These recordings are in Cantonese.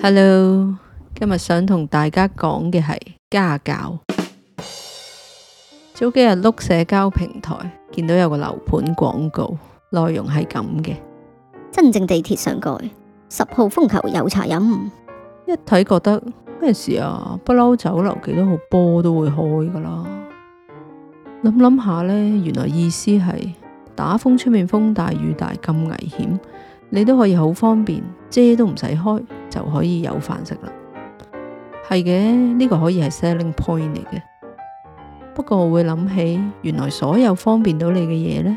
Hello，今日想同大家講嘅係家教。早幾日碌社交平台，見到有個樓盤廣告，內容係咁嘅：真正地鐵上蓋，十號風球有茶飲。一睇覺得咩事啊？不嬲酒樓幾多號波都會開噶啦。諗諗下呢，原來意思係打風出面，風大雨大咁危險。你都可以好方便，遮都唔使開就可以有飯食啦。係嘅，呢、這個可以係 selling point 嚟嘅。不過我會諗起，原來所有方便到你嘅嘢咧，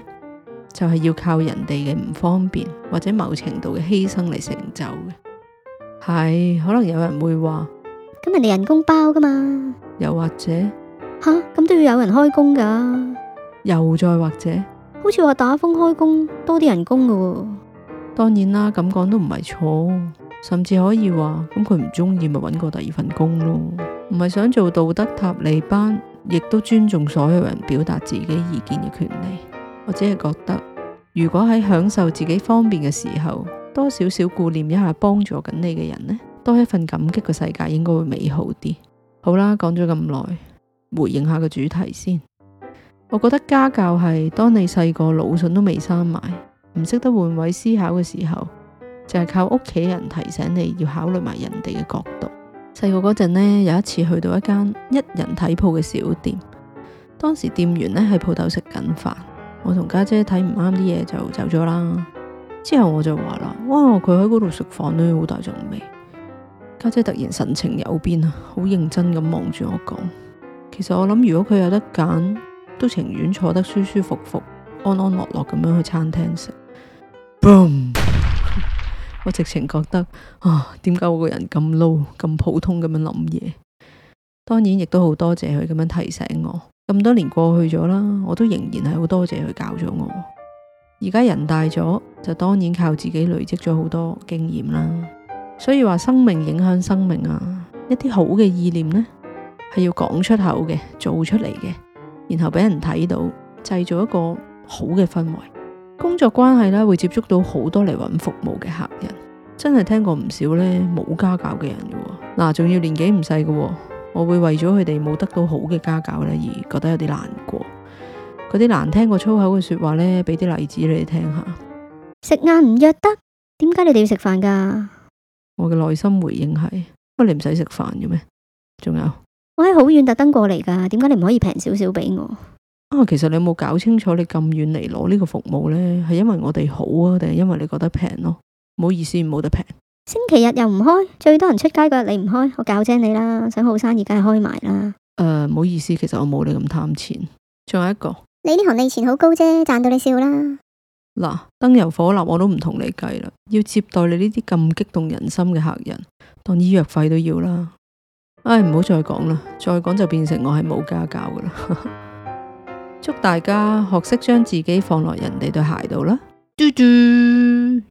就係、是、要靠人哋嘅唔方便或者某程度嘅犧牲嚟成就嘅。係，可能有人會話，咁人哋人工包噶嘛。又或者，吓咁、啊、都要有人開工噶、啊。又再或者，好似話打風開工多啲人工噶喎。當然啦，咁講都唔係錯，甚至可以話咁，佢唔中意咪搵個第二份工咯。唔係想做道德塔利班，亦都尊重所有人表達自己意見嘅權利。我只係覺得，如果喺享受自己方便嘅時候，多少少顧念一下幫助緊你嘅人呢，多一份感激嘅世界應該會美好啲。好啦，講咗咁耐，回應下個主題先。我覺得家教係當你細個腦囟都未生埋。唔識得換位思考嘅時候，就係、是、靠屋企人提醒你要考慮埋人哋嘅角度。細個嗰陣咧，有一次去到一間一人睇鋪嘅小店，當時店員咧喺鋪頭食緊飯，我同家姐睇唔啱啲嘢就走咗啦。之後我就話啦，哇，佢喺嗰度食飯咧，好大陣味。家姐，姐突然神情有變，好認真咁望住我講。其實我諗，如果佢有得揀，都情願坐得舒舒服服、安安樂樂咁樣去餐廳食。砰 我直情覺得啊，點解我個人咁 low、咁普通咁樣諗嘢？當然亦都好多謝佢咁樣提醒我。咁多年過去咗啦，我都仍然係好多謝佢教咗我。而家人大咗，就當然靠自己累積咗好多經驗啦。所以話生命影響生命啊，一啲好嘅意念呢，係要講出口嘅、做出嚟嘅，然後俾人睇到，製造一個好嘅氛圍。工作關係啦，會接觸到好多嚟揾服務嘅客人，真係聽過唔少呢冇家教嘅人嘅喎。嗱，仲要年紀唔細嘅，我會為咗佢哋冇得到好嘅家教呢而覺得有啲難過。嗰啲難聽過粗口嘅說話呢，俾啲例子你聽下。食晏唔約得？點解你哋要食飯噶？我嘅內心回應係：乜你唔使食飯嘅咩？仲有，我喺好遠特登過嚟噶，點解你唔可以平少少俾我？啊，其實你有冇搞清楚？你咁遠嚟攞呢個服務呢，係因為我哋好啊，定係因為你覺得平咯、啊？唔好意思，冇得平。星期日又唔開，最多人出街嗰日你唔開，我教精你啦。想好生意梗係開埋啦。誒、呃，唔好意思，其實我冇你咁貪錢。仲有一個，你啲行利錢好高啫，賺到你笑啦。嗱，燈油火蠟我都唔同你計啦，要接待你呢啲咁激動人心嘅客人，當醫藥費都要啦。唉、哎，唔好再講啦，再講就變成我係冇家教㗎啦。呵呵祝大家學識將自己放落人哋對鞋度啦！嘟嘟。